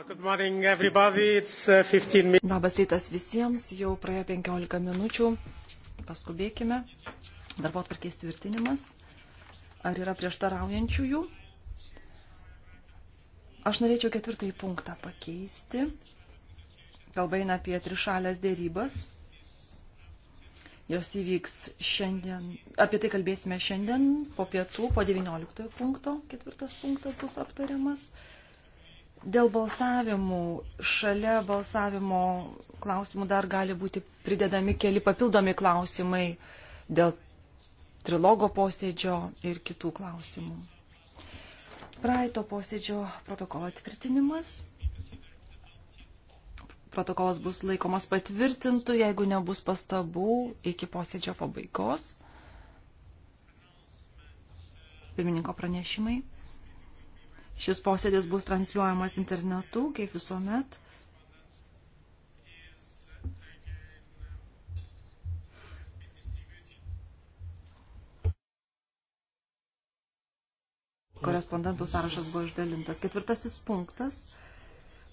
Uh, Labas rytas visiems, jau praėjo 15 minučių, paskubėkime. Darbo atvarkės tvirtinimas. Ar yra prieštaraujančiųjų? Aš norėčiau ketvirtąjį punktą pakeisti. Kalba eina apie trišalės dėrybas. Jos įvyks šiandien, apie tai kalbėsime šiandien po pietų, po 19 punkto, ketvirtas punktas bus aptariamas. Dėl balsavimų, šalia balsavimo klausimų dar gali būti pridedami keli papildomi klausimai dėl trilogo posėdžio ir kitų klausimų. Praeito posėdžio protokolo atvirtinimas. Protokolas bus laikomas patvirtintų, jeigu nebus pastabų iki posėdžio pabaigos. Pirmininko pranešimai. Šis posėdis bus transliuojamas internetu, kaip visuomet. Korespondentų sąrašas buvo išdalintas. Ketvirtasis punktas.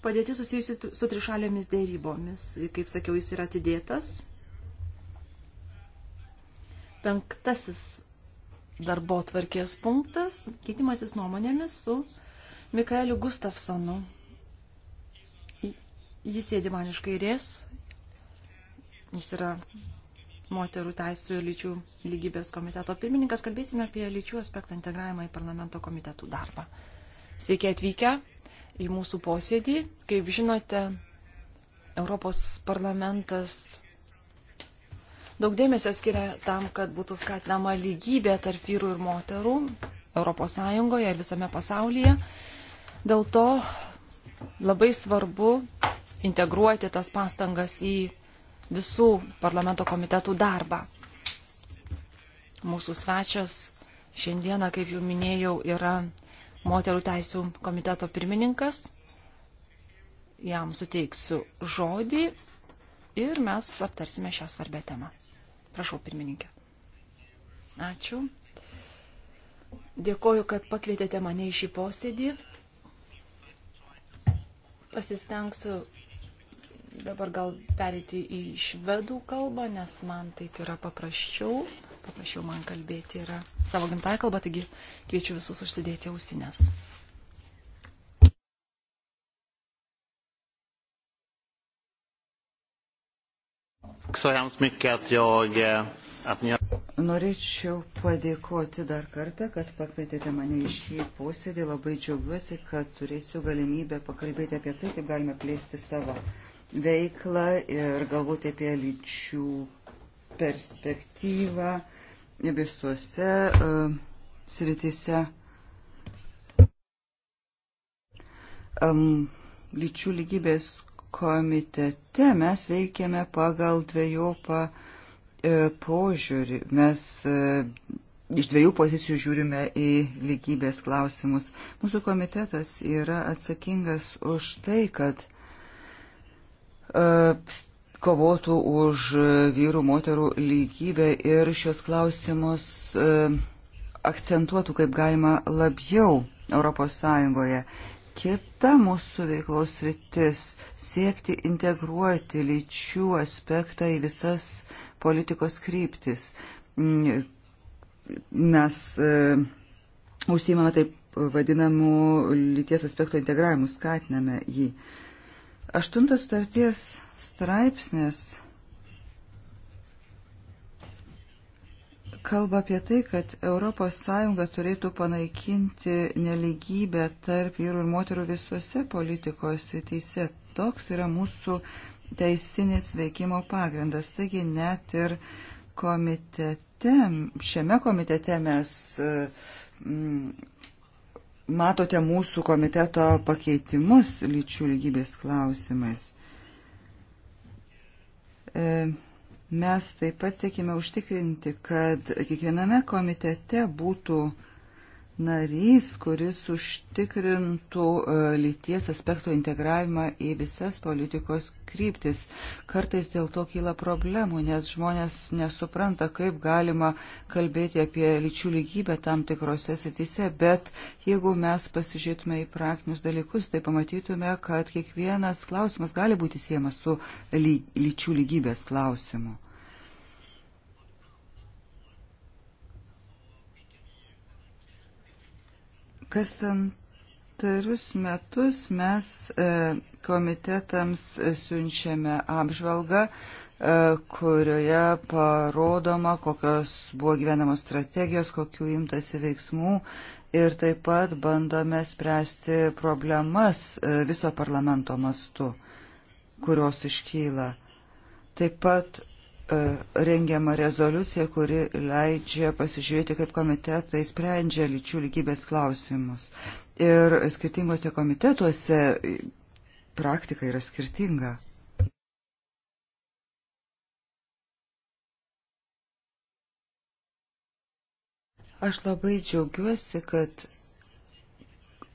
Padėti susijusi su trišalėmis dėrybomis. Kaip sakiau, jis yra atidėtas. Penktasis darbo tvarkės punktas. Keitimasis nuomonėmis su Mikaeliu Gustafsonu. Jis sėdi man iš kairės. Jis yra moterų teisų ir lyčių lygybės komiteto pirmininkas. Kalbėsime apie lyčių aspektą integravimą į parlamento komitetų darbą. Sveiki atvykę į mūsų posėdį. Kaip žinote, Europos parlamentas daug dėmesio skiria tam, kad būtų skatinama lygybė tarp vyrų ir moterų Europos Sąjungoje ir visame pasaulyje. Dėl to labai svarbu integruoti tas pastangas į visų parlamento komitetų darbą. Mūsų svečias šiandieną, kaip jau minėjau, yra moterų teisų komiteto pirmininkas. Jam suteiksiu žodį ir mes aptarsime šią svarbę temą. Prašau, pirmininkė. Ačiū. Dėkoju, kad pakvietėte mane į šį posėdį. Pasistengsiu dabar gal perėti į švedų kalbą, nes man taip yra paprasčiau. Paprasčiau man kalbėti yra savo gimtąją kalbą, taigi kviečiu visus užsidėti ausinės. Tack så hemskt mycket att jag eh, Norėčiau padėkoti dar kartą, kad pakvietėte mane į šį posėdį. Labai džiaugiuosi, kad turėsiu galimybę pakalbėti apie tai, kaip galime plėsti savo veiklą ir galvoti apie lyčių perspektyvą visose uh, e, sritise. Um, lyčių lygybės komitete mes veikiame pagal dviejopą uh, E, požiūrį. Mes e, iš dviejų pozicijų žiūrime į lygybės klausimus. Mūsų komitetas yra atsakingas už tai, kad e, kovotų už vyrų moterų lygybę ir šios klausimus akcentuotų kaip galima labiau ES. Kita mūsų veiklos rytis - siekti integruoti lyčių aspektą į visas politikos kryptis. Mes e, užsiimame taip vadinamų lyties aspekto integravimų, skatiname jį. Aštuntas starties straipsnis kalba apie tai, kad ES turėtų panaikinti neligybę tarp vyrų ir moterų visose politikos teise. Toks yra mūsų teisinis veikimo pagrindas. Taigi net ir komitete, šiame komitete mes e, matote mūsų komiteto pakeitimus lyčių lygybės klausimais. E, mes taip pat siekime užtikrinti, kad kiekviename komitete būtų uh, narys, kuris užtikrintų e, lyties aspekto integravimą į visas politikos kryptis. Kartais dėl to kyla problemų, nes žmonės nesupranta, kaip galima kalbėti apie lyčių lygybę tam tikrose sritise, bet jeigu mes pasižiūrėtume į praktinius dalykus, tai pamatytume, kad kiekvienas klausimas gali būti siejamas su lyčių lygybės klausimu. Kas antrus metus mes e, komitetams siunčiame apžvalgą, e, kurioje parodoma, kokios buvo gyvenamos strategijos, kokių imtasi veiksmų ir taip pat bandome spręsti problemas e, viso parlamento mastu, kurios iškyla. Taip pat E, rengiama rezoliucija, kuri leidžia pasižiūrėti, kaip komitetai sprendžia lyčių lygybės klausimus. Ir skirtingose komitetuose praktika yra skirtinga. Aš labai džiaugiuosi, kad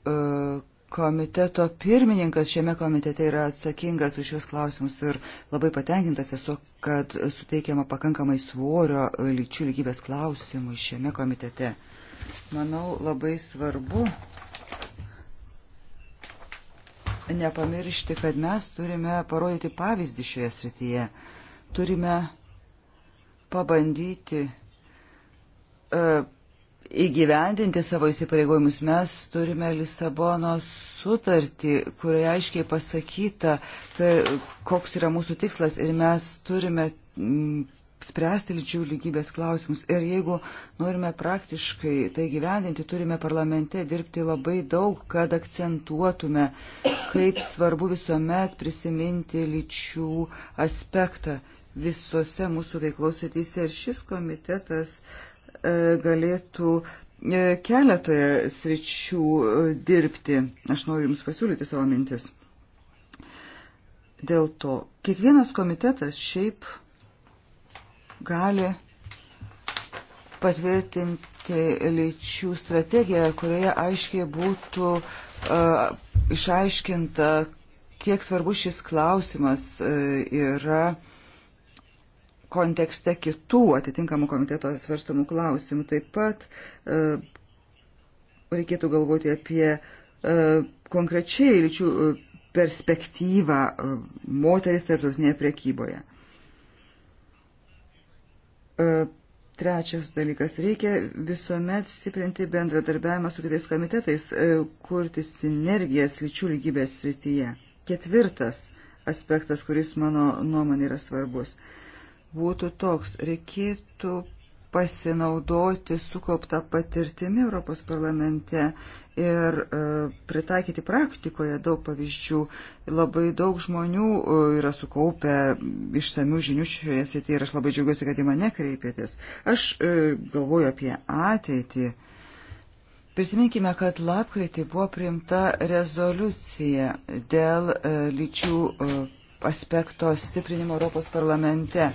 uh, komiteto pirmininkas šiame komitete yra atsakingas už šios klausimus ir labai patenkintas esu, kad suteikiama pakankamai svorio lyčių lygybės klausimui šiame komitete. Manau, labai svarbu nepamiršti, kad mes turime parodyti pavyzdį šioje srityje. Turime pabandyti uh, įgyvendinti savo įsipareigojimus mes turime Lisabonos sutartį, kurioje aiškiai pasakyta, kai, koks yra mūsų tikslas ir mes turime m, mm, spręsti lyčių lygybės klausimus. Ir jeigu norime praktiškai tai gyvendinti, turime parlamente dirbti labai daug, kad akcentuotume, kaip svarbu visuomet prisiminti lyčių aspektą visose mūsų veiklos srityse. Ir šis komitetas uh, E, galėtų e, keletoje sričių e, dirbti. Aš noriu Jums pasiūlyti savo mintis. Dėl to kiekvienas komitetas šiaip gali patvirtinti lyčių strategiją, kurioje aiškiai būtų uh, išaiškinta, kiek svarbus šis klausimas uh, yra uh, kontekste kitų atitinkamų komiteto svarstamų klausimų. Taip pat e, reikėtų galvoti apie e, konkrečiai lyčių e, perspektyvą e, moteris tarptautinėje prekyboje. E, trečias dalykas. Reikia visuomet stiprinti bendradarbiavimą su kitais komitetais, e, kurti sinergijas lyčių lygybės srityje. Ketvirtas aspektas, kuris mano nuomonė yra svarbus. Uh, būtų toks. Reikėtų pasinaudoti sukauptą patirtimi Europos parlamente ir e, pritaikyti praktikoje daug pavyzdžių. Labai daug žmonių e, yra sukaupę išsamių žinių šioje srityje ir aš labai džiaugiuosi, kad į mane kreipėtės. Aš e, galvoju apie ateitį. Prisiminkime, kad lapkritį buvo priimta rezoliucija dėl lyčių aspekto stiprinimo Europos parlamente.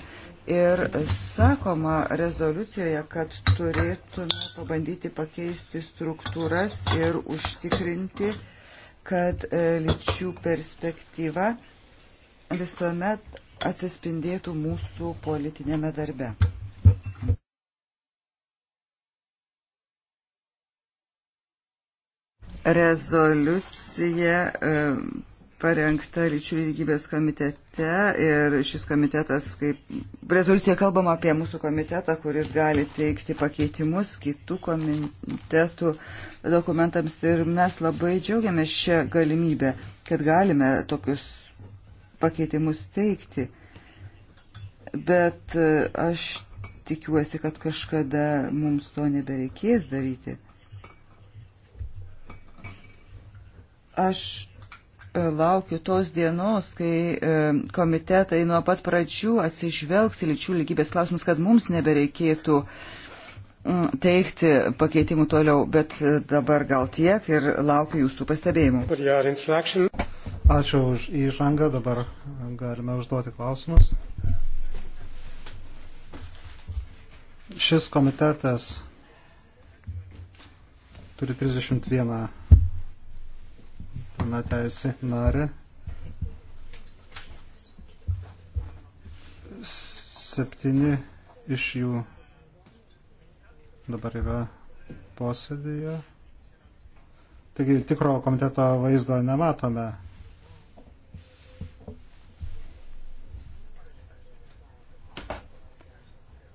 Ir sakoma rezoliucijoje, kad turėtume pabandyti pakeisti struktūras ir užtikrinti, kad e, lyčių perspektyva visuomet atsispindėtų mūsų politinėme darbe. Rezoliucija e, parengta lyčių lygybės komitete ir šis komitetas, kaip rezoliucija kalbama apie mūsų komitetą, kuris gali teikti pakeitimus kitų komitetų dokumentams ir mes labai džiaugiamės šią galimybę, kad galime tokius pakeitimus teikti. Bet e, aš tikiuosi, kad kažkada mums to nebereikės daryti. Aš laukiu tos dienos, kai e, komitetai nuo pat pradžių atsižvelgs į lyčių lygybės klausimus, kad mums nebereikėtų mm, teikti pakeitimų toliau, bet e, dabar gal tiek ir laukiu jūsų pastebėjimų. Ačiū už įžangą, dabar galime užduoti klausimus. Šis komitetas turi 31 na teisę narę. 7 iš jų dabar yra posėdėje. Taigi tikro komiteto vaizdo nematome.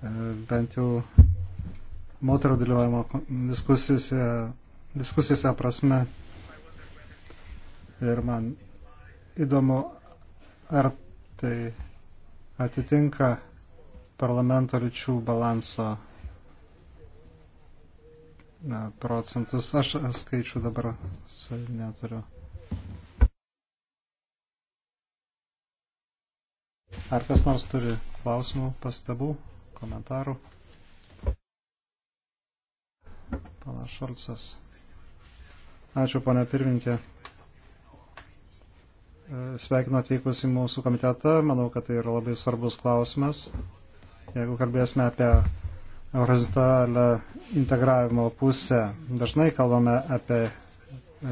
E, bent jau moterų dalyvavimo diskusijose, diskusijose prasme Ir man įdomu, ar tai atitinka parlamento lyčių balanso na, procentus. Aš skaičių dabar neturiu. Ar kas nors turi klausimų, pastabų, komentarų? Pana Šolcas. Ačiū, pana pirmininkė. Sveikinu atvykus į mūsų komitetą. Manau, kad tai yra labai svarbus klausimas. Jeigu kalbėsime apie horizontalią integravimo pusę, dažnai kalbame apie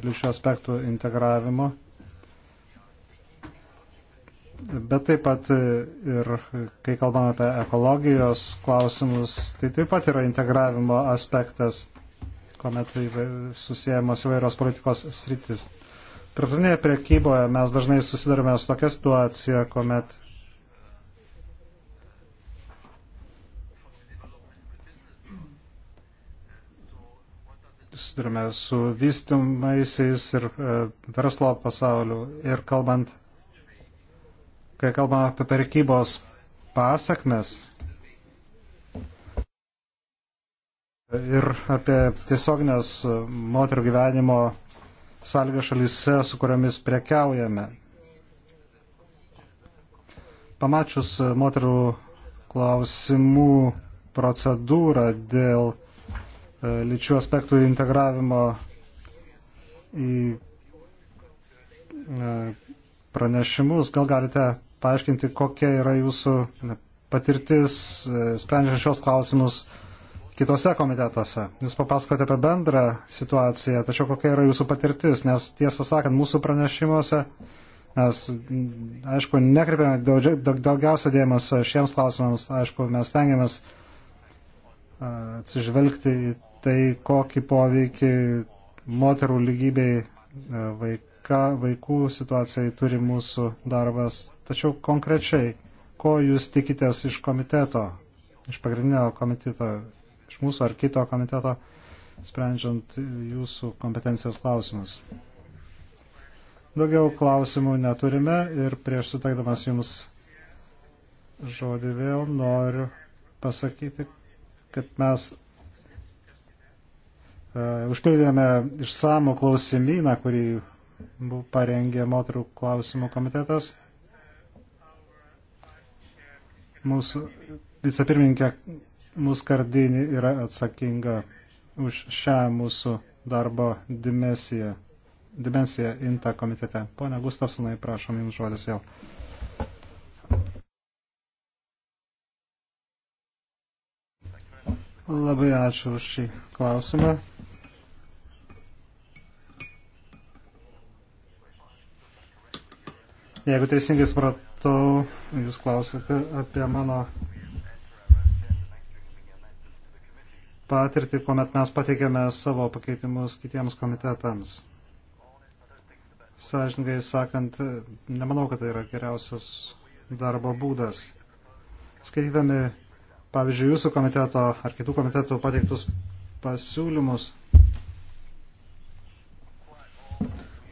lyčių aspektų integravimo, bet taip pat ir kai kalbame apie ekologijos klausimus, tai taip pat yra integravimo aspektas, kuomet susijęmos įvairios politikos sritis. Tarptautinėje priekyboje mes dažnai susidarome su tokia situacija, kuomet susidurime su vystimaisiais ir e, verslo pasauliu. Ir kalbant, kai kalbame apie prekybos pasakmes ir apie tiesioginės moterų gyvenimo sąlygas šalise, su kuriamis prekiaujame. Pamačius moterų klausimų procedūrą dėl e, lyčių aspektų integravimo į e, pranešimus, gal galite paaiškinti, kokia yra jūsų patirtis e, sprendžiant šios klausimus kitose komitetuose. Jūs papasakote apie bendrą situaciją, tačiau kokia yra jūsų patirtis, nes tiesą sakant, mūsų pranešimuose mes, aišku, nekreipiame daugiausia dėmesio šiems klausimams, aišku, mes tengiamės atsižvelgti į tai, kokį poveikį moterų lygybei vaika, vaikų situacijai turi mūsų darbas. Tačiau konkrečiai, ko jūs tikitės iš komiteto, iš pagrindinio komiteto iš mūsų ar kito komiteto, sprendžiant jūsų kompetencijos klausimus. Daugiau klausimų neturime ir prieš suteikdamas jums žodį vėl noriu pasakyti, kad mes uh, užpildėme išsamų klausimyną, kurį parengė moterų klausimų komitetas. Mūsų vicepirmininkė Muskardinį yra atsakinga už šią mūsų darbo dimensiją, dimensiją INTA komitete. Pone Gustafsonai, prašom Jums žodis vėl. Labai ačiū už šį klausimą. Jeigu teisingai supratau, jūs klausėte apie mano patirtį, kuomet mes pateikėme savo pakeitimus kitiems komitetams. Sąžininkai sakant, nemanau, kad tai yra geriausias darbo būdas. Skaitydami, pavyzdžiui, jūsų komiteto ar kitų komitetų pateiktus pasiūlymus,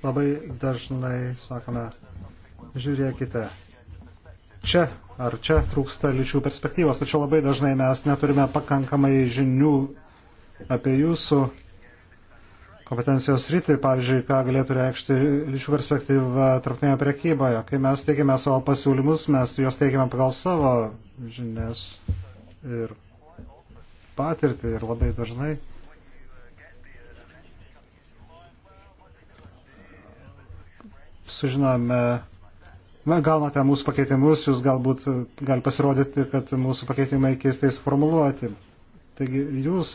labai dažnai sakome, žiūrėkite, čia ar čia trūksta lyčių perspektyvos, tačiau labai dažnai mes neturime pakankamai žinių apie jūsų kompetencijos rytį, pavyzdžiui, ką galėtų reikšti lyčių perspektyva tarptautinėje prekyboje. Kai mes teikiame savo pasiūlymus, mes juos teikiame pagal savo žinias ir patirtį ir labai dažnai. Sužinome na, gaunate mūsų pakeitimus, jūs galbūt e, gali pasirodyti, kad mūsų pakeitimai keistai suformuluoti. Taigi jūs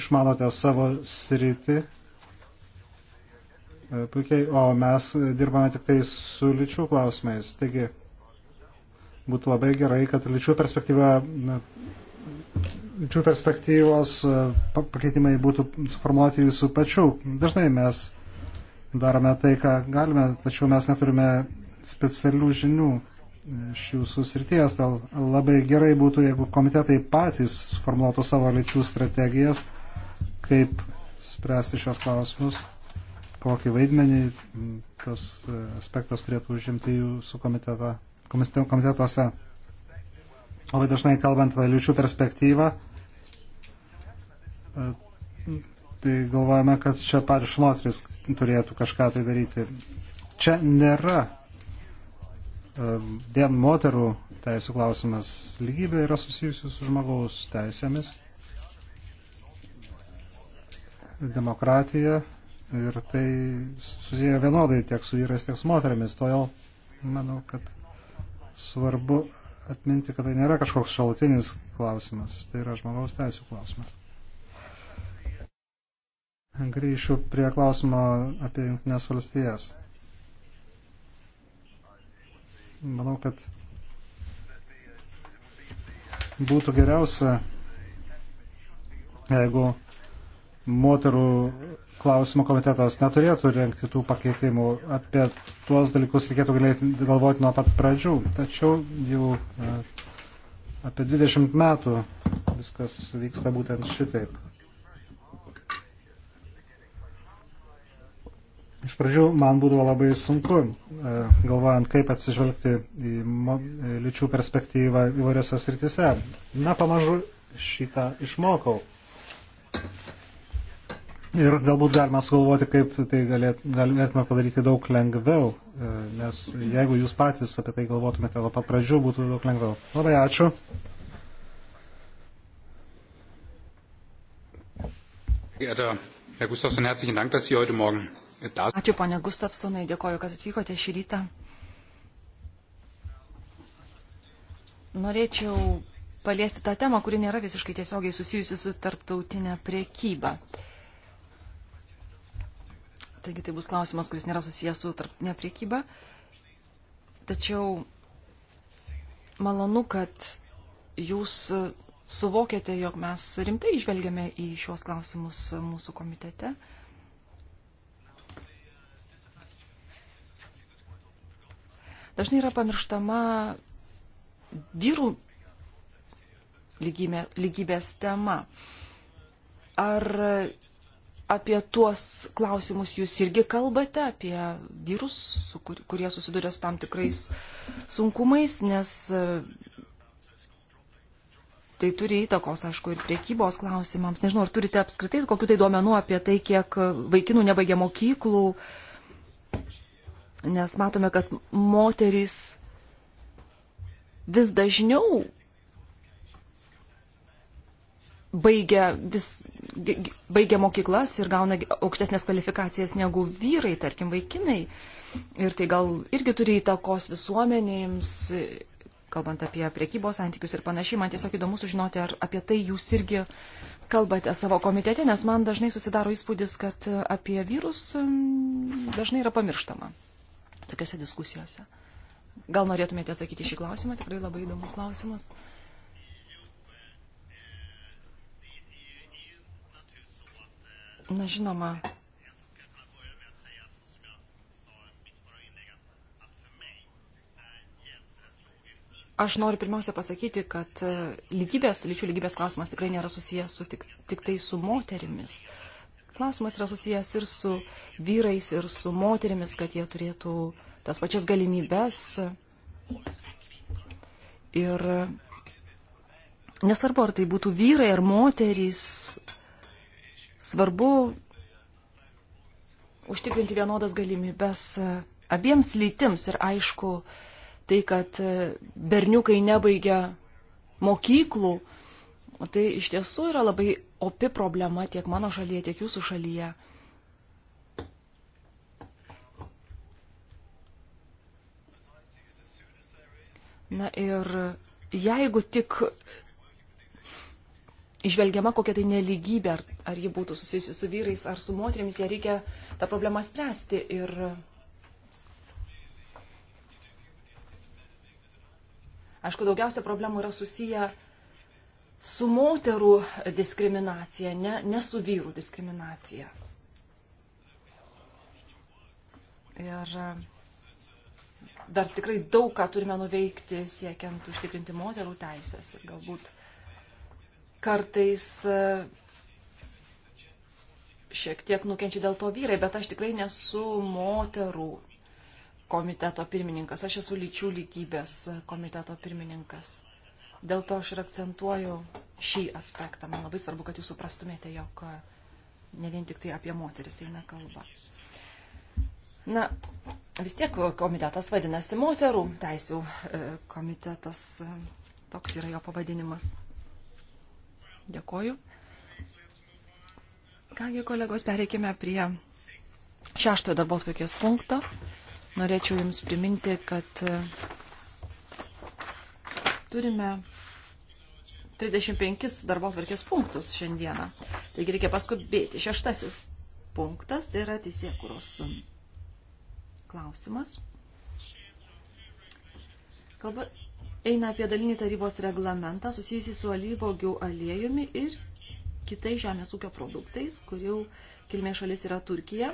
išmanote savo sritį e, puikiai, o mes dirbame tik tai su lyčių klausimais. Taigi būtų labai gerai, kad lyčių perspektyva. Na, Lyčių perspektyvos e, pakeitimai būtų suformuoti jūsų pačių. Dažnai mes uh, darome tai, ką galime, tačiau mes neturime specialių žinių iš jūsų srities. Dėl labai gerai būtų, jeigu komitetai patys suformuotų savo lyčių strategijas, kaip spręsti šios klausimus, kokį vaidmenį tas aspektas turėtų užimti jūsų komiteto, komitetuose. Labai dažnai kalbant apie lyčių perspektyvą, e, tai galvojame, kad čia pačios moteris turėtų kažką tai daryti. Čia nėra e, vien moterų teisų klausimas. Lygybė yra susijusi su žmogaus teisėmis, demokratija ir tai susiję vienodai tiek su vyrais, tiek su moterimis. Todėl manau, kad svarbu atminti, kad tai nėra kažkoks šalutinis klausimas, tai yra žmogaus teisų klausimas. Grįšiu prie klausimo apie Junktinės valstijas. Manau, kad būtų geriausia, jeigu moterų klausimų komitetas neturėtų renkti tų pakeitimų. Apie tuos dalykus reikėtų galvoti nuo pat pradžių. Tačiau jau e, apie 20 metų viskas vyksta būtent šitaip. Iš pradžių man būdavo labai sunku, e, galvojant, kaip atsižvelgti į e, lyčių perspektyvą įvairiose sritise. Na, pamažu šitą išmokau. Ir galbūt galima sugalvoti, kaip tai galėtume padaryti daug lengviau, e, nes jeigu jūs patys apie tai galvotumėte nuo pat pradžių, būtų daug lengviau. Labai ačiū. Herr Gustafsson, herzlichen Dank, dass Sie heute Morgen Ačiū, ponė Gustafsonai, dėkoju, kad atvykote šį rytą. Norėčiau paliesti tą temą, kuri nėra visiškai tiesiogiai susijusi su tarptautinė priekyba. Taigi tai bus klausimas, kuris nėra susijęs su tarptautinė priekyba. Tačiau malonu, kad jūs suvokėte, jog mes rimtai išvelgiame į šios klausimus mūsų komitete. Dažnai yra pamirštama vyrų lygybė, lygybės tema. Ar apie tuos klausimus jūs irgi kalbate, apie vyrus, su kur, kurie susiduria su tam tikrais sunkumais, nes e, tai turi įtakos, aišku, ir priekybos klausimams. Nežinau, ar turite apskritai kokiu tai duomenu apie tai, kiek vaikinų nebaigia mokyklų, uh, nes matome, kad moterys vis dažniau baigia, vis, baigia mokyklas ir gauna aukštesnės kvalifikacijas negu vyrai, tarkim, vaikinai. Ir tai gal irgi turi įtakos visuomenėms, kalbant apie priekybos santykius ir panašiai. Man tiesiog įdomu sužinoti, ar apie tai jūs irgi kalbate savo komitete, nes man dažnai susidaro įspūdis, kad apie vyrus mm, dažnai yra pamirštama tokiuose diskusijose. Gal norėtumėte atsakyti šį klausimą, tikrai labai įdomus klausimas. Na žinoma, aš noriu pirmiausia pasakyti, kad lygybės, lyčių lygybės klausimas tikrai nėra susijęs su tik, tik tai su moterimis. Uh, klausimas yra susijęs ir su vyrais, ir su moterimis, kad jie turėtų tas pačias galimybės. Ir nesvarbu, ar tai būtų vyrai ar moterys, svarbu užtikrinti vienodas galimybės abiems lytims ir aišku, tai, kad berniukai nebaigia mokyklų, Tai iš tiesų yra labai opi problema tiek mano šalyje, tiek jūsų šalyje. Na ir jeigu tik išvelgiama kokia tai neligybė, ar, ar ji būtų susijusi su vyrais ar su moterimis, ją reikia tą problemą spręsti. Ir aišku, daugiausia problemų yra susiję su moterų diskriminacija, ne, ne su vyrų diskriminacija. Ir e, dar tikrai daug ką turime nuveikti siekiant užtikrinti moterų teisės ir galbūt kartais e, šiek tiek nukenčia dėl to vyrai, bet aš tikrai nesu moterų komiteto pirmininkas, aš esu lyčių lygybės komiteto pirmininkas. Dėl to aš ir akcentuoju šį aspektą. Man labai svarbu, kad jūs suprastumėte, jog e, ne vien tik tai apie moteris eina kalba. Na, vis tiek komitetas vadinasi moterų teisų e, komitetas. E, toks yra jo pavadinimas. Dėkoju. Kągi, kolegos, pereikime prie šeštojo darbos vaikės punkto. Norėčiau Jums priminti, kad Turime 35 darbo atvarkės punktus šiandieną. Taigi reikia paskubėti. Šeštasis punktas tai yra teisėkuros klausimas. Kalba eina apie dalinį tarybos reglamentą susijusį su alyvogių aliejumi ir kitais žemės ūkio produktais, kurių kilmė šalis yra Turkija.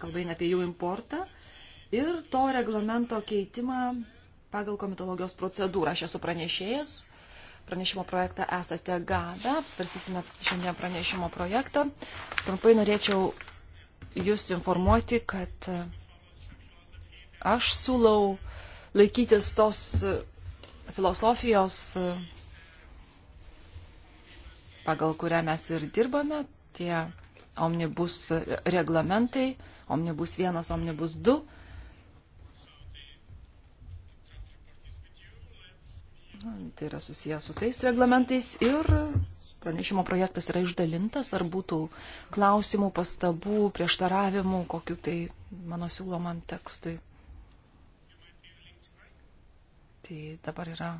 Kalba eina apie jų importą ir to reglamento keitimą pagal komitologijos procedūrą. Aš esu pranešėjas, pranešimo projektą esate gavę, apsvarstysime šiandien pranešimo projektą. Trumpai norėčiau Jūs informuoti, kad e, aš siūlau laikytis tos e, filosofijos, e, pagal kurią mes ir dirbame, tie omnibus reglamentai, omnibus 1, omnibus 2 Tai yra susijęs su tais reglamentais ir pranešimo projektas yra išdalintas, ar būtų klausimų, pastabų, prieštaravimų, kokiu tai mano siūlomam tekstui. Tai dabar yra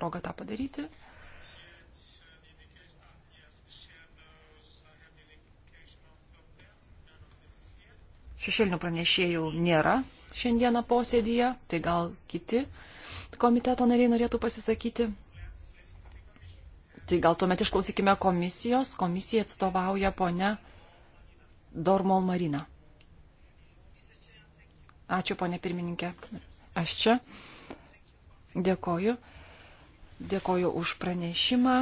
proga tą padaryti. Šešėlinių pranešėjų nėra šiandieną posėdyje, tai gal kiti komiteto nariai norėtų pasisakyti? Tai gal tuomet išklausykime komisijos. Komisija atstovauja ponia Dormol Marina. Ačiū, ponė pirmininkė. Aš čia. Dėkoju. Dėkoju už pranešimą.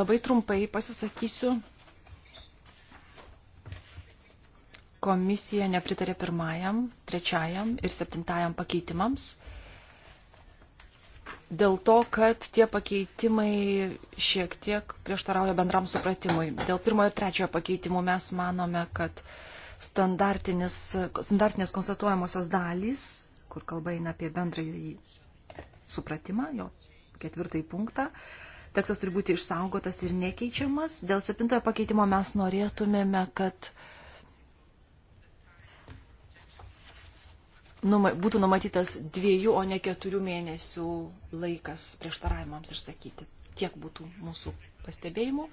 Labai trumpai pasisakysiu. Komisija nepritarė pirmajam, trečiajam ir septintajam pakeitimams dėl to, kad tie pakeitimai šiek tiek prieštarauja bendram supratimui. Dėl pirmojo ir trečiojo pakeitimų mes manome, kad standartinės konstatuojamosios dalys, kur kalba eina apie bendrąjį supratimą, jo ketvirtąjį punktą, tekstas turi būti išsaugotas ir nekeičiamas. Dėl septintojo pakeitimo mes norėtumėme, kad uh, numa, būtų numatytas dviejų, o ne keturių mėnesių laikas prieštaravimams išsakyti. Tiek būtų mūsų pastebėjimų.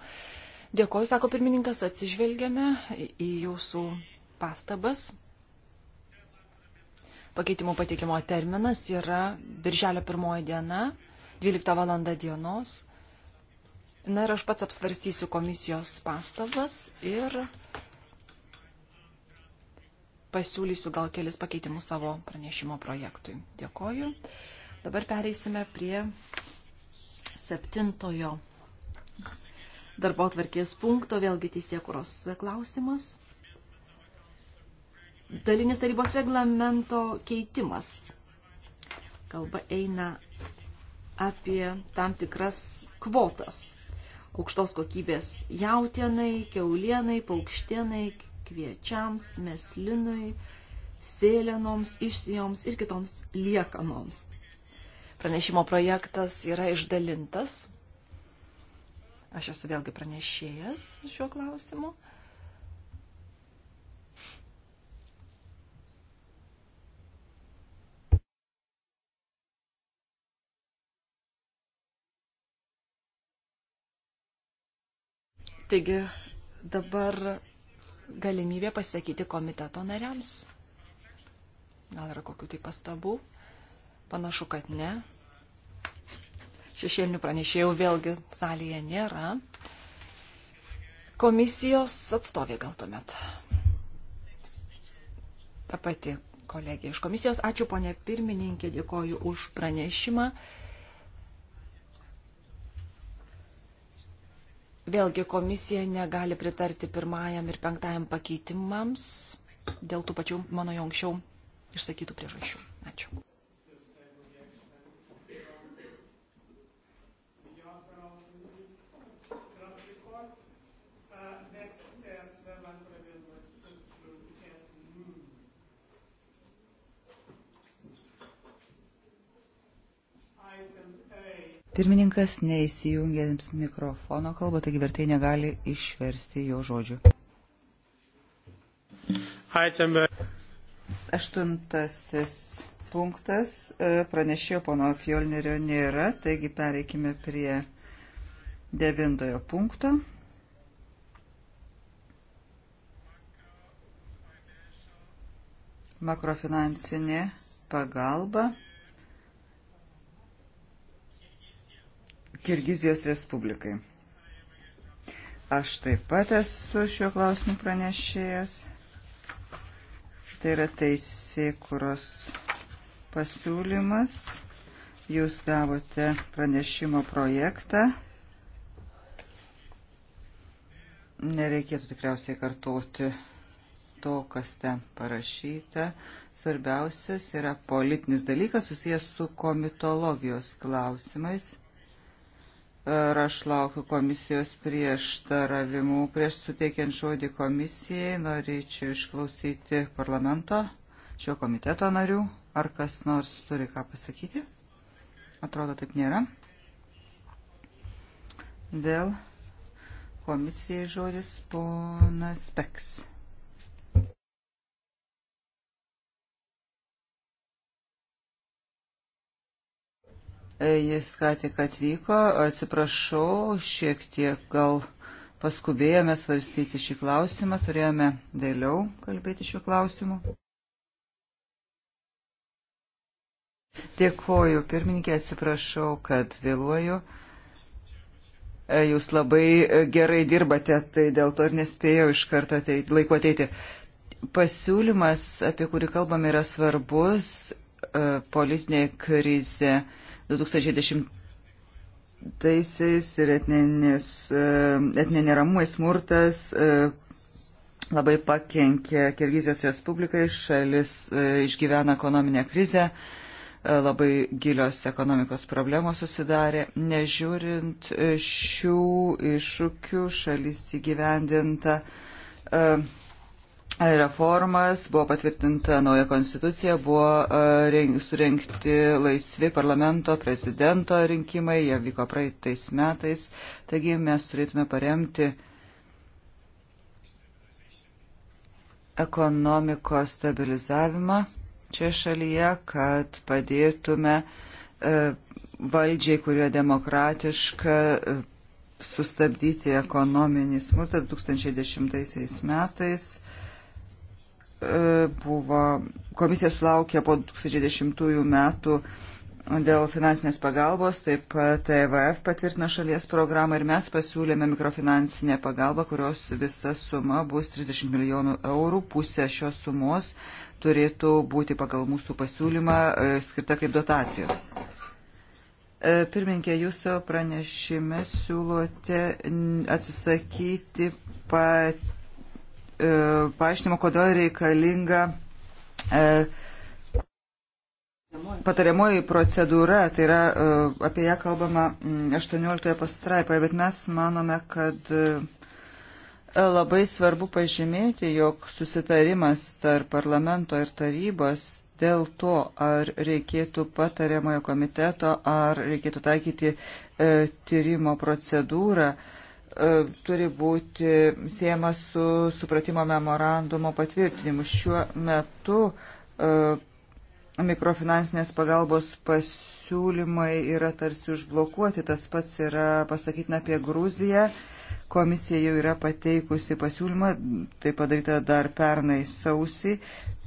Dėkoju, sako pirmininkas, atsižvelgiame į jūsų pastabas. Pakeitimo pateikimo terminas yra birželio pirmoji diena, 12 val. dienos. Na ir aš pats apsvarstysiu komisijos pastabas ir pasiūlysiu gal kelis pakeitimus savo pranešimo projektui. Dėkoju. Dabar pereisime prie septintojo darbo atvarkės punkto, vėlgi teisėkuros klausimas. Dalinis tarybos reglamento keitimas. Kalba eina apie tam tikras kvotas aukštos kokybės jautienai, keulienai, paukštienai, kviečiams, meslinui, sėlenoms, išsijoms ir kitoms liekanoms. Pranešimo projektas yra išdalintas. Aš esu vėlgi pranešėjas šiuo klausimu. Taigi dabar galimybė pasisakyti komiteto nariams. Gal yra kokių tai pastabų? Panašu, kad ne. Šešėlinių pranešėjų vėlgi salėje nėra. Komisijos atstovė gal tuomet. Ta pati kolegė iš komisijos. Ačiū, ponė pirmininkė, dėkoju už pranešimą. Vėlgi komisija negali pritarti pirmajam ir penktajam pakeitimams dėl tų pačių mano jau anksčiau išsakytų priežasčių. Ačiū. Pirmininkas neįsijungė mikrofono kalbą, taigi vertai negali išversti jo žodžių. Aštuntasis punktas. E, pranešėjo pono Fjolnerio nėra, taigi pereikime prie devintojo punkto. Makrofinansinė pagalba. Kirgizijos Respublikai. Aš taip pat esu šiuo klausimu pranešėjęs. Tai yra teisėkuros pasiūlymas. Jūs gavote pranešimo projektą. Nereikėtų tikriausiai kartoti to, kas ten parašyta. Svarbiausias yra politinis dalykas susijęs su komitologijos klausimais ir aš laukiu komisijos prieštaravimų. Prieš suteikiant žodį komisijai norėčiau išklausyti parlamento, šio komiteto narių. Ar kas nors turi ką pasakyti? Atrodo, taip nėra. Vėl komisijai žodis ponas Peks. E, jis ką tik atvyko, atsiprašau, šiek tiek gal paskubėjome svarstyti šį klausimą, turėjome vėliau kalbėti šiuo klausimu. Dėkoju, pirmininkė, atsiprašau, kad vėluoju. E, jūs labai gerai dirbate, tai dėl to ir nespėjau iš karto ateiti, laiko ateiti. Pasiūlymas, apie kurį kalbame, yra svarbus e, politinė krizė 2010 taisiais ir etninės, e, etninė neramumai smurtas e, labai pakenkė Kirgizijos Respublikai, šalis e, išgyvena ekonominę krizę, labai gilios ekonomikos problemos susidarė. Nežiūrint šių iššūkių šalis įgyvendinta reformas, buvo patvirtinta nauja konstitucija, buvo e, surenkti laisvi parlamento, prezidento rinkimai, jie vyko praeitais metais, taigi mes turėtume paremti ekonomikos stabilizavimą čia šalyje, kad padėtume e, valdžiai, kurio demokratiška, e, sustabdyti ekonominį smurtą 2010 metais E, buvo, komisija sulaukė po 2010 metų dėl finansinės pagalbos, taip pat EVF patvirtino šalies programą ir mes pasiūlėme mikrofinansinę pagalbą, kurios visa suma bus 30 milijonų eurų, pusė šios sumos turėtų būti pagal mūsų pasiūlymą e, skirta kaip dotacijos. E, Pirminkė, jūs savo pranešime siūlote atsisakyti pat E, paaiškinimo, kodėl reikalinga e, Patariamoji procedūra, tai yra e, apie ją kalbama 18 pastraipoje, bet mes manome, kad labai svarbu pažymėti, jog susitarimas tarp parlamento ir tarybos dėl to, ar reikėtų patariamojo komiteto, ar reikėtų taikyti e, tyrimo procedūrą, e, E, turi būti siejamas su supratimo memorandumo patvirtinimu. Šiuo metu e, mikrofinansinės pagalbos pasiūlymai yra tarsi užblokuoti, tas pats yra pasakytina apie Gruziją Komisija jau yra pateikusi pasiūlymą, tai padaryta dar pernai sausį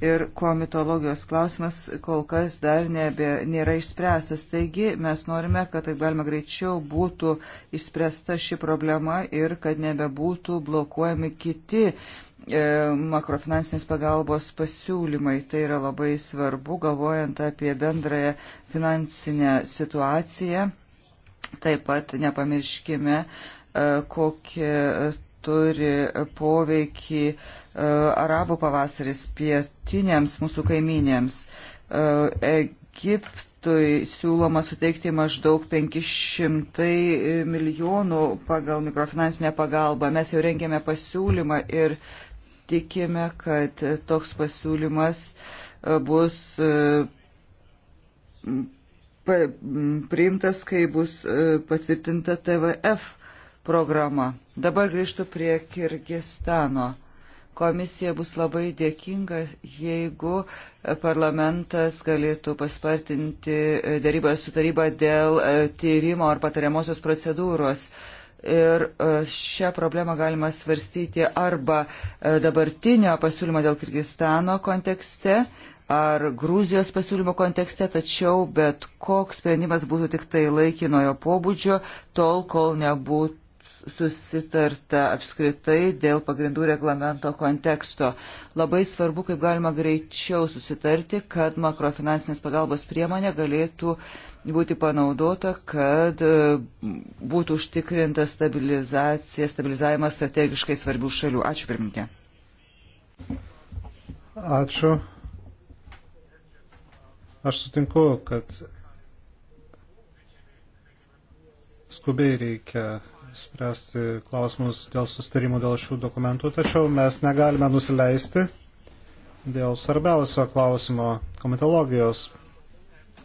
ir komitologijos klausimas kol kas dar nebė, nėra išspręstas. Taigi mes norime, kad taip galima greičiau būtų išspręsta ši problema ir kad nebebūtų blokuojami kiti e, makrofinansinės pagalbos pasiūlymai. Tai yra labai svarbu, galvojant apie bendrąją finansinę situaciją. Taip pat nepamirškime E, kokie turi poveikį e, arabų pavasaris pietiniams mūsų kaiminėms. E, Egiptui siūloma suteikti maždaug 500 milijonų pagal mikrofinansinę pagalbą. Mes jau rengėme pasiūlymą ir tikime, kad toks pasiūlymas bus priimtas, kai bus patvirtinta TVF programa. Dabar grįžtu prie Kirgistano. Komisija bus labai dėkinga, jeigu parlamentas galėtų paspartinti darybą su taryba dėl e, tyrimo ar patariamosios procedūros. Ir e, šią problemą galima svarstyti arba e, dabartinio pasiūlymo dėl Kirgistano kontekste, ar Gruzijos pasiūlymo kontekste, tačiau bet koks sprendimas būtų tik tai laikinojo pobūdžio, tol kol nebūtų susitarta apskritai dėl pagrindų reglamento konteksto. Labai svarbu, kaip galima greičiau susitarti, kad makrofinansinės pagalbos priemonė galėtų būti panaudota, kad e, būtų užtikrinta stabilizacija, stabilizavimas strategiškai svarbių šalių. Ačiū, pirmininkė. Ačiū. Aš sutinku, kad skubiai reikia spręsti klausimus dėl sustarimų dėl šių dokumentų, tačiau mes negalime nusileisti dėl svarbiausio klausimo, komitologijos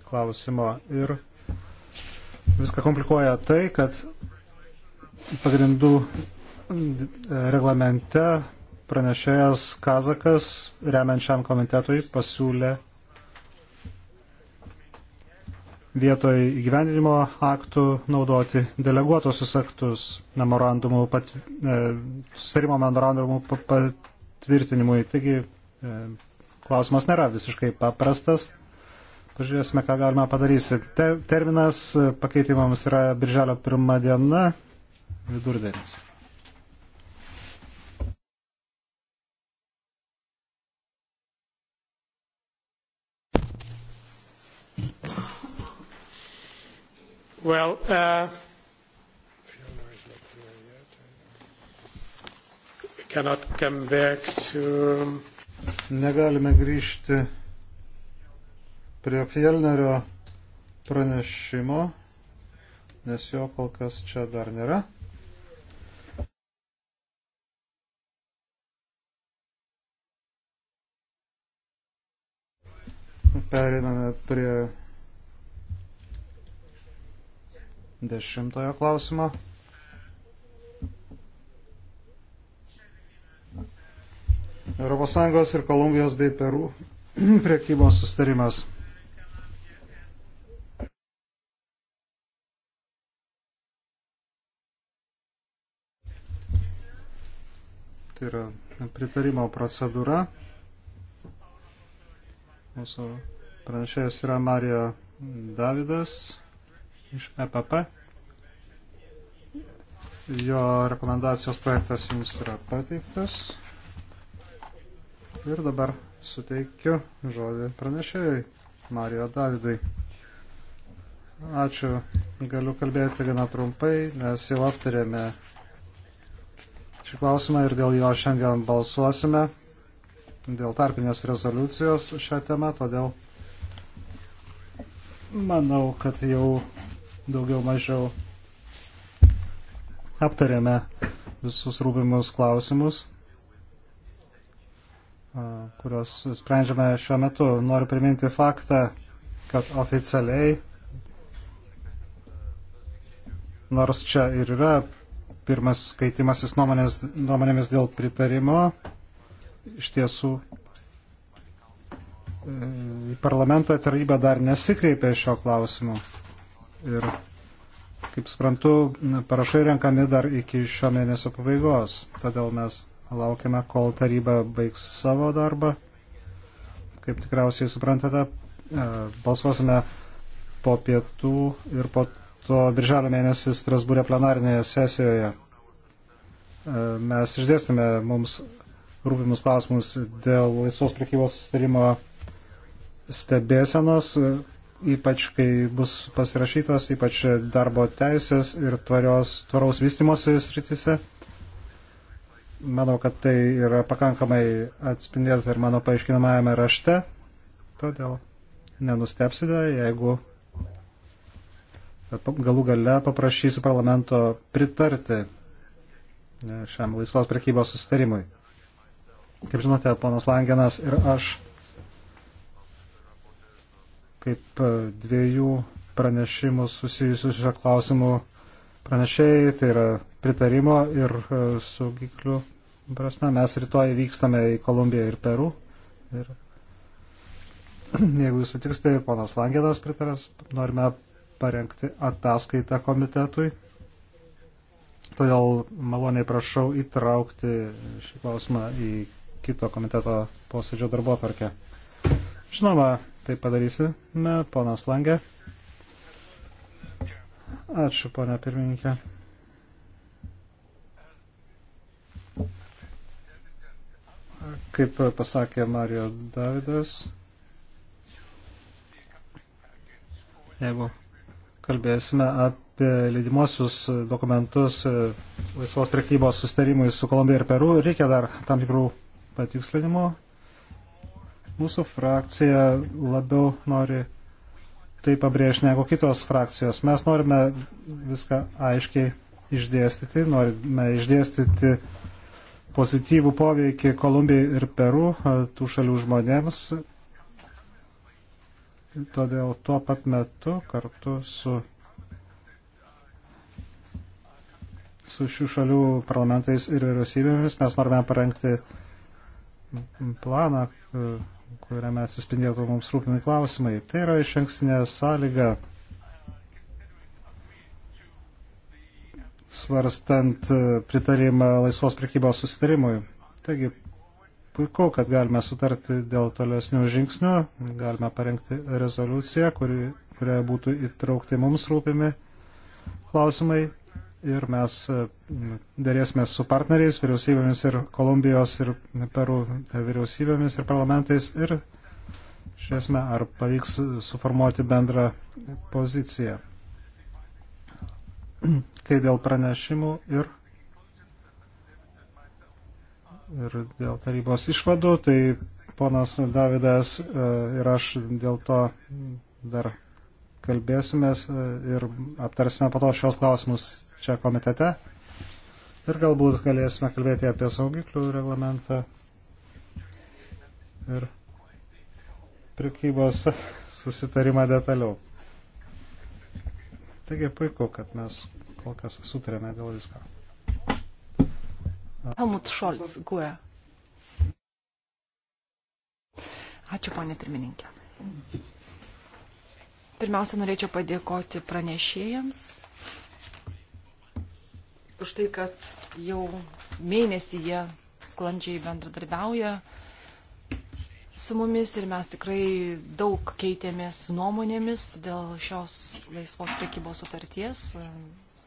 klausimo. Ir viską komplikuoja tai, kad pagrindų e, reglamente pranešėjas Kazakas remiančiam komitetui pasiūlė vietoj įgyvendinimo aktų naudoti deleguotosius aktus memorandumų, pat, e, susirimo memorandumų patvirtinimui. Taigi e, klausimas nėra visiškai paprastas. Pažiūrėsime, ką galima padaryti. Te, terminas e, pakeitimams yra birželio pirmą dieną vidurdienis. Well, uh, cannot come back to... Negalime grįžti prie Fielnerio pranešimo, nes jo kol kas čia dar nėra. Periname prie dešimtojo klausimo. ES ir Kolumbijos bei Perų priekybos sustarimas. Tai yra pritarimo procedūra. Mūsų pranešėjas yra Marija Davidas iš EPP. Jo rekomendacijos projektas jums yra pateiktas. Ir dabar suteikiu žodį pranešėjai Marijo Davidui. Ačiū. Galiu kalbėti gana trumpai, nes jau aptarėme šį klausimą ir dėl jo šiandien balsuosime, dėl tarpinės rezoliucijos šią temą, todėl manau, kad jau daugiau mažiau aptarėme visus rūpimus klausimus, kuriuos sprendžiame šiuo metu. Noriu priminti faktą, kad oficialiai, nors čia ir yra pirmas skaitimasis nuomonės, nuomonėmis dėl pritarimo, iš tiesų e, į parlamentą taryba dar nesikreipė šio klausimu. Ir, kaip suprantu, parašai renkami dar iki šio mėnesio pabaigos. Todėl mes laukiame, kol taryba baigs savo darbą. Kaip tikriausiai suprantate, e, balsuosime po pietų ir po to birželio mėnesį Strasbūrė plenarinėje sesijoje. E, mes išdėstame mums rūpimus klausimus dėl laisvos prekybos sustarimo stebėsenos ypač kai bus pasirašytas, ypač darbo teisės ir tvarios, tvaraus vystimosi sritise. Manau, kad tai yra pakankamai atspindėta ir mano paaiškinamajame rašte, todėl nenustepsite, jeigu galų gale paprašysiu parlamento pritarti šiam laisvos prekybos susitarimui. Kaip žinote, ponas Langenas ir aš kaip e, dviejų pranešimų susijusių su šio klausimu pranešėjai, tai yra pritarimo ir e, saugiklių prasme. Mes rytoj vykstame į Kolumbiją ir Peru. Ir jeigu jūs sutiksite, tai ponas Langedas pritaras, norime parengti ataskaitą komitetui. Todėl maloniai prašau įtraukti šį klausimą į kito komiteto posėdžio darbo tvarkę. Žinoma, tai padarysime. Ponas Langė. Ačiū, ponia pirmininkė. Kaip pasakė Mario Davidas, jeigu kalbėsime apie leidimuosius dokumentus laisvos prekybos sustarimui su Kolumbija ir Peru, reikia dar tam tikrų patikslinimų Mūsų frakcija labiau nori tai pabrėžti negu kitos frakcijos. Mes norime viską aiškiai išdėstyti, norime išdėstyti pozityvų poveikį Kolumbijai ir Peru, tų šalių žmonėms. Todėl tuo pat metu kartu su, su šių šalių parlamentais ir vyriausybėmis mes norime parengti planą, kuriame atsispindėtų mums rūpimi klausimai. Tai yra iš ankstinė sąlyga svarstant e, pritarimą laisvos prekybos susitarimui. Taigi, puiku, kad galime sutarti dėl tolesnių žingsnių, galime parengti rezoliuciją, kuri, kurioje būtų įtraukti mums rūpimi klausimai ir mes e, dėrėsime su partneriais, vyriausybėmis ir Kolumbijos ir Peru e, vyriausybėmis ir parlamentais ir žiūrėsime, ar pavyks suformuoti bendrą poziciją. Kai dėl pranešimų ir, ir dėl tarybos išvadų, tai ponas Davidas e, ir aš dėl to dar kalbėsimės ir aptarsime po to šios klausimus čia komitete. Ir galbūt galėsime kalbėti apie saugiklių reglamentą ir prikybos susitarimą detaliau. Taigi puiku, kad mes kol kas sutarėme dėl visko. Helmut Scholz, GUE. Ačiū, ponė pirmininkė. Pirmiausia, norėčiau padėkoti pranešėjams už tai, kad jau mėnesį jie sklandžiai bendradarbiauja su mumis ir mes tikrai daug keitėmės nuomonėmis dėl šios laisvos priekybos sutarties,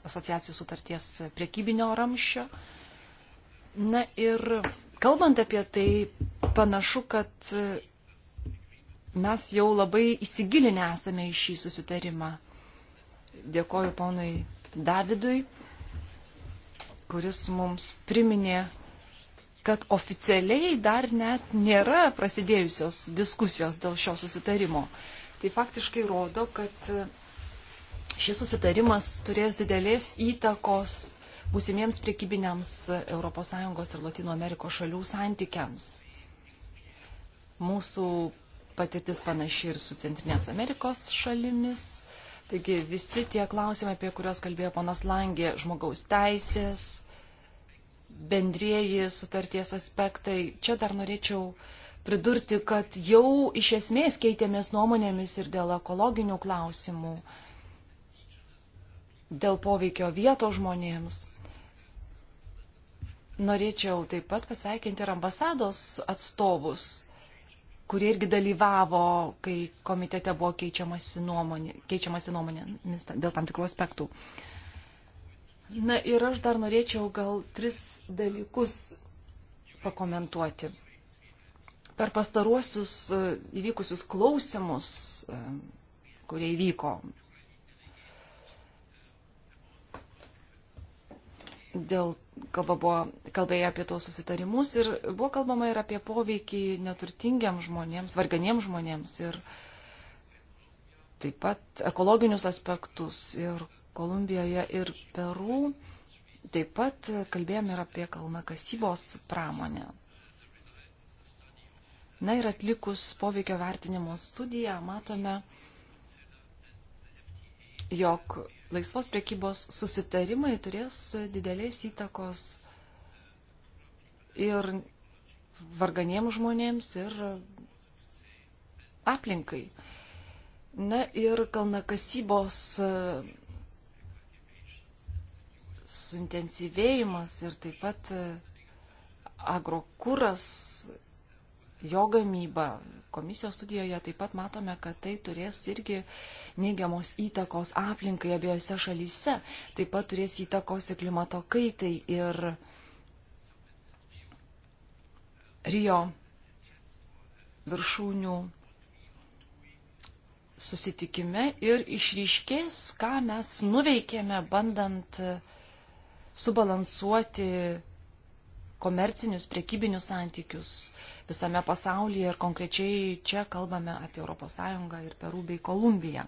asociacijų sutarties priekybinio ramščio. Na ir kalbant apie tai, panašu, kad mes jau labai įsigilinę esame į šį susitarimą. Dėkoju ponui Davidui kuris mums priminė, kad oficialiai dar net nėra prasidėjusios diskusijos dėl šio susitarimo. Tai faktiškai rodo, kad šis susitarimas turės didelės įtakos būsimiems priekybiniams ES ir Latino Amerikos šalių santykiams. Mūsų patirtis panaši ir su Centrinės Amerikos šalimis Taigi visi tie klausimai, apie kuriuos kalbėjo panas Langė, žmogaus teisės, bendrieji sutarties aspektai, čia dar norėčiau pridurti, kad jau iš esmės keitėmės nuomonėmis ir dėl ekologinių klausimų, dėl poveikio vietos žmonėms. Norėčiau taip pat pasveikinti ir ambasados atstovus kurie irgi dalyvavo, kai komitete buvo keičiamasi, nuomonė, keičiamasi nuomonėmis dėl tam tikrų aspektų. Na ir aš dar norėčiau gal tris dalykus pakomentuoti. Per pastaruosius e, įvykusius klausimus, e, kurie įvyko Dėl kalba buvo kalbėję apie tos susitarimus ir buvo kalbama ir apie poveikį neturtingiam žmonėms, varganiems žmonėms ir taip pat ekologinius aspektus ir Kolumbijoje ir Peru. Taip pat kalbėjome ir apie kalnakasybos pramonę. Na ir atlikus poveikio vertinimo studiją matome, jog laisvos priekybos susitarimai turės didelės įtakos ir varganiems žmonėms, ir aplinkai. Na ir kalnakasybos e, suintensyvėjimas ir taip pat e, agrokūras jo gamybą. Komisijos studijoje taip pat matome, kad tai turės irgi neigiamos įtakos aplinkai abiejose šalyse, taip pat turės įtakos ir klimato kaitai ir Rio viršūnių susitikime ir išryškės, ką mes nuveikėme, bandant subalansuoti komercinius, prekybinius santykius visame pasaulyje ir konkrečiai čia kalbame apie ES ir Perų bei Kolumbiją.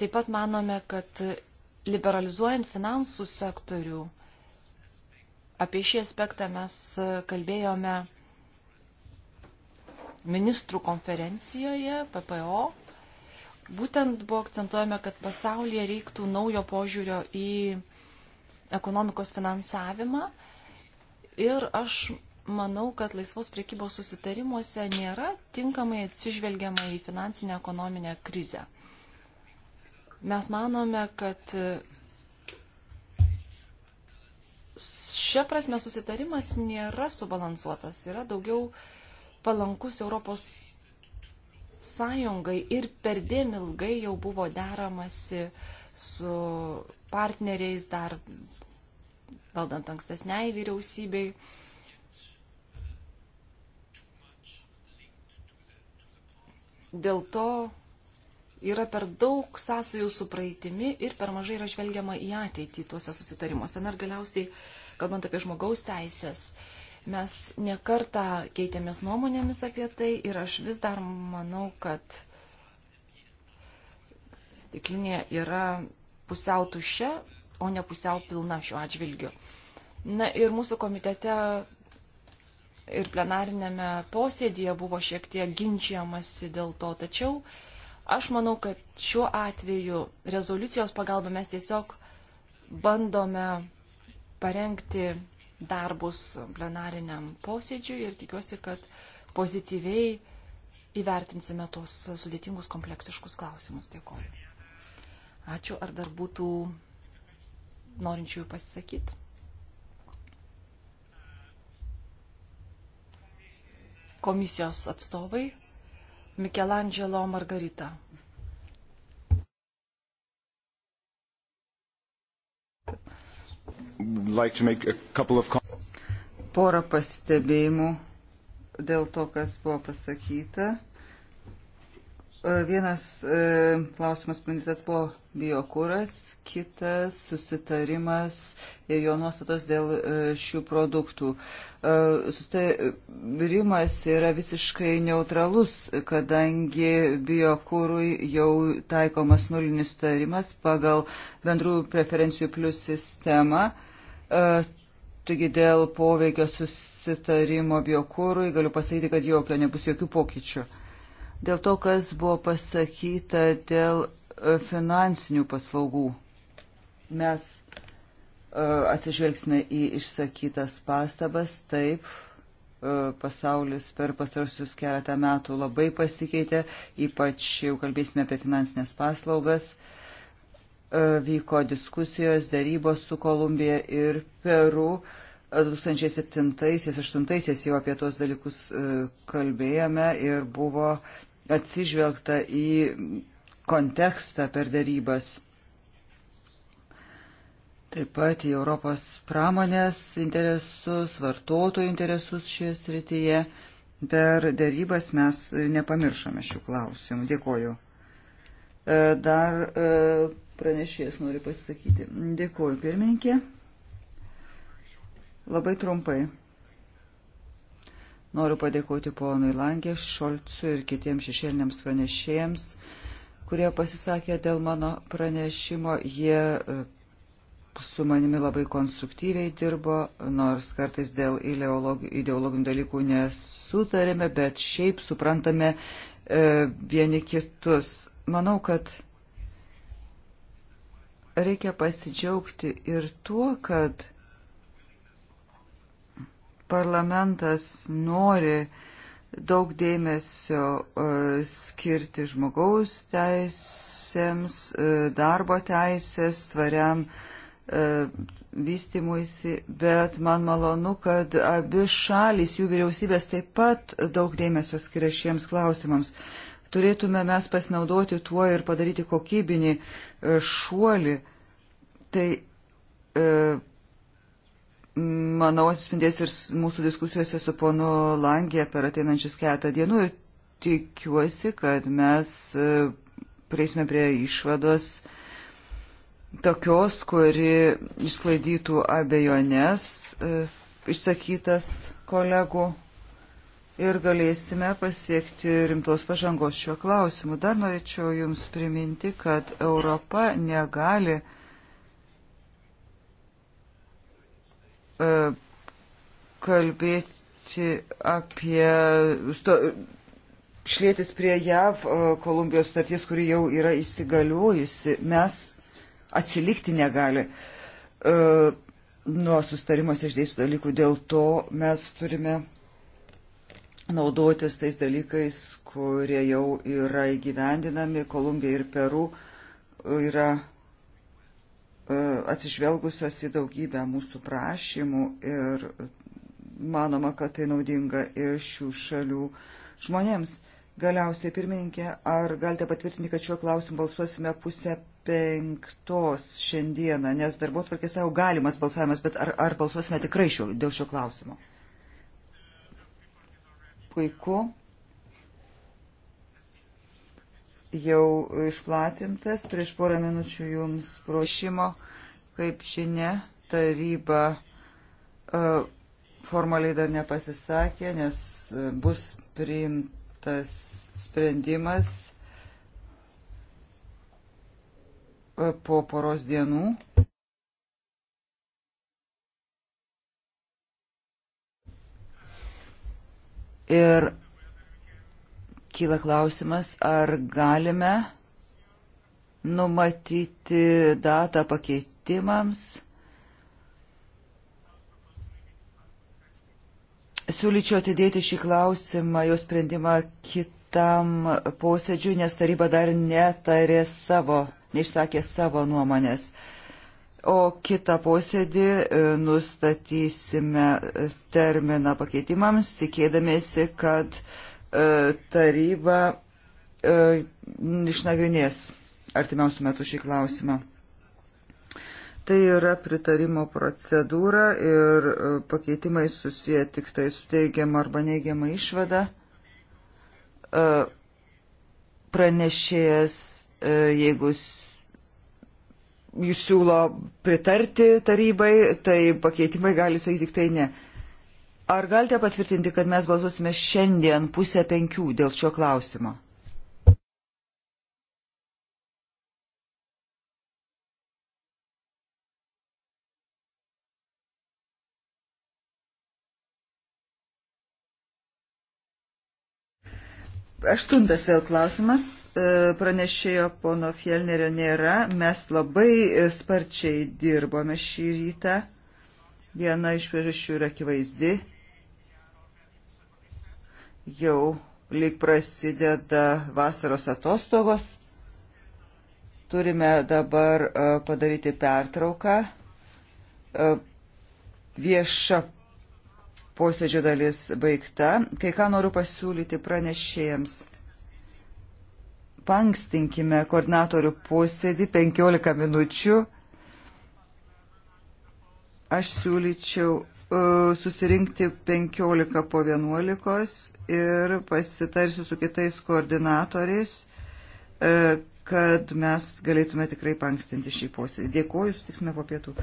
Taip pat manome, kad liberalizuojant finansų sektorių, apie šį aspektą mes kalbėjome ministrų konferencijoje PPO. Būtent buvo akcentuojama, kad pasaulyje reiktų naujo požiūrio į ekonomikos finansavimą ir aš manau, kad laisvos priekybos susitarimuose nėra tinkamai atsižvelgiama į finansinę ekonominę krizę. Mes manome, kad šia prasme susitarimas nėra subalansuotas, yra daugiau palankus Europos sąjungai ir perdėm ilgai jau buvo deramasi su partneriais dar valdant ankstesniai vyriausybei. Dėl to yra per daug sąsajų su praeitimi ir per mažai yra žvelgiama į ateitį tuose susitarimuose. Na ir galiausiai, kalbant apie žmogaus teisės, mes nekartą keitėmės nuomonėmis apie tai ir aš vis dar manau, kad stiklinė yra pusiau tušia, o ne pusiau pilna šiuo atžvilgiu. Na ir mūsų komitete ir plenarinėme posėdėje buvo šiek tiek ginčiamasi dėl to, tačiau aš manau, kad šiuo atveju rezoliucijos pagalba mes tiesiog bandome parengti darbus plenariniam posėdžiui ir tikiuosi, kad pozityviai įvertinsime tuos sudėtingus kompleksiškus klausimus. Dėkuoju. Ačiū. Ar dar būtų norinčiųjų pasisakyti? Komisijos atstovai Michelangelo Margarita. Like of... Porą pastebėjimų dėl to, kas buvo pasakyta. E, vienas e, klausimas sprendytas buvo biokūras, kitas susitarimas ir jo nuostatos dėl e, šių produktų. Susitarimas yra visiškai neutralus, kadangi biokūrui jau taikomas nulinis tarimas pagal bendrų preferencijų plus sistemą. Taigi dėl poveikio susitarimo biokūrui galiu pasakyti, kad jokio nebus jokių pokyčių. Dėl to, kas buvo pasakyta dėl e, finansinių paslaugų, mes e, atsižvelgsime į išsakytas pastabas. Taip, e, pasaulis per pastarusius keletą metų labai pasikeitė, ypač jau kalbėsime apie finansinės paslaugas vyko diskusijos, darybos su Kolumbija ir Peru. 2007-2008 jau apie tuos dalykus kalbėjome ir buvo atsižvelgta į kontekstą per darybas. Taip pat į Europos pramonės interesus, vartotojų interesus šioje srityje. Per darybas mes nepamiršome šių klausimų. Dėkoju. E, dar e, pranešėjas nori pasisakyti. Dėkoju, pirmininkė. Labai trumpai. Noriu padėkoti ponui Langė, Šolcui ir kitiems šešėliniams pranešėjams, kurie pasisakė dėl mano pranešimo. Jie e, su manimi labai konstruktyviai dirbo, nors kartais dėl ideologinių dalykų nesutarėme, bet šiaip suprantame e, vieni kitus. Manau, kad reikia pasidžiaugti ir tuo, kad parlamentas nori daug dėmesio e, skirti žmogaus teisėms, e, darbo teisės, tvariam e, vystimuisi, bet man malonu, kad abi šalis, jų vyriausybės taip pat daug dėmesio skiria šiems klausimams. Turėtume mes pasinaudoti tuo ir padaryti kokybinį šuolį. Tai e, manau, atsispindės ir mūsų diskusijose su ponu Langė per ateinančius keletą dienų ir tikiuosi, kad mes e, prieisime prie išvados tokios, kuri išsklaidytų abejonės e, išsakytas kolegų ir galėsime pasiekti rimtos pažangos šiuo klausimu. Dar norėčiau Jums priminti, kad Europa negali E, kalbėti apie sto, šlėtis prie JAV e, Kolumbijos starties, kuri jau yra įsigaliojusi. Mes atsilikti negali e, nuo sustarimuose išdėstų dalykų. Dėl to mes turime naudotis tais dalykais, kurie jau yra įgyvendinami. Kolumbija ir Peru yra E, atsižvelgusios į daugybę mūsų prašymų ir manoma, kad tai naudinga ir šių šalių žmonėms. Galiausiai, pirmininkė, ar galite patvirtinti, kad šiuo klausimu balsuosime pusę penktos šiandieną, nes darbo tvarkė savo tai galimas balsavimas, bet ar, ar balsuosime tikrai šio, dėl šio klausimo? Puiku. jau išplatintas. Prieš porą minučių jums prašymo, kaip žinia, taryba e, formaliai dar nepasisakė, nes e, bus priimtas sprendimas e, po poros dienų. Ir kyla klausimas, ar galime numatyti datą pakeitimams. Siūlyčiau atidėti šį klausimą, jo sprendimą kitam posėdžiui, nes taryba dar netarė savo, neišsakė savo nuomonės. O kitą posėdį e, nustatysime terminą pakeitimams, tikėdamėsi, kad uh, E, taryba e, išnagrinės artimiausių metų šį klausimą. Tai yra pritarimo procedūra ir e, pakeitimai susiję tik tai su teigiama arba neigiama išvada. Pranešėjas, jeigu jūs siūlo pritarti tarybai, tai pakeitimai gali sakyti tik tai ne. Ar galite patvirtinti, kad mes balsuosime šiandien pusę penkių dėl šio klausimo? Aštuntas vėl klausimas. E, pranešėjo pono Fielnerio nėra. Mes labai e, sparčiai dirbome šį rytą. Viena iš priežasčių yra akivaizdi jau lyg prasideda vasaros atostogos. Turime dabar e, padaryti pertrauką. E, vieša posėdžio dalis baigta. Kai ką noriu pasiūlyti pranešėjams pankstinkime koordinatorių posėdį 15 minučių. Aš siūlyčiau E, susirinkti 15 po 11 ir pasitarsiu su kitais koordinatoriais, e, kad mes galėtume tikrai pankstinti šį posėdį. Dėkuoju, sutiksime po pietų.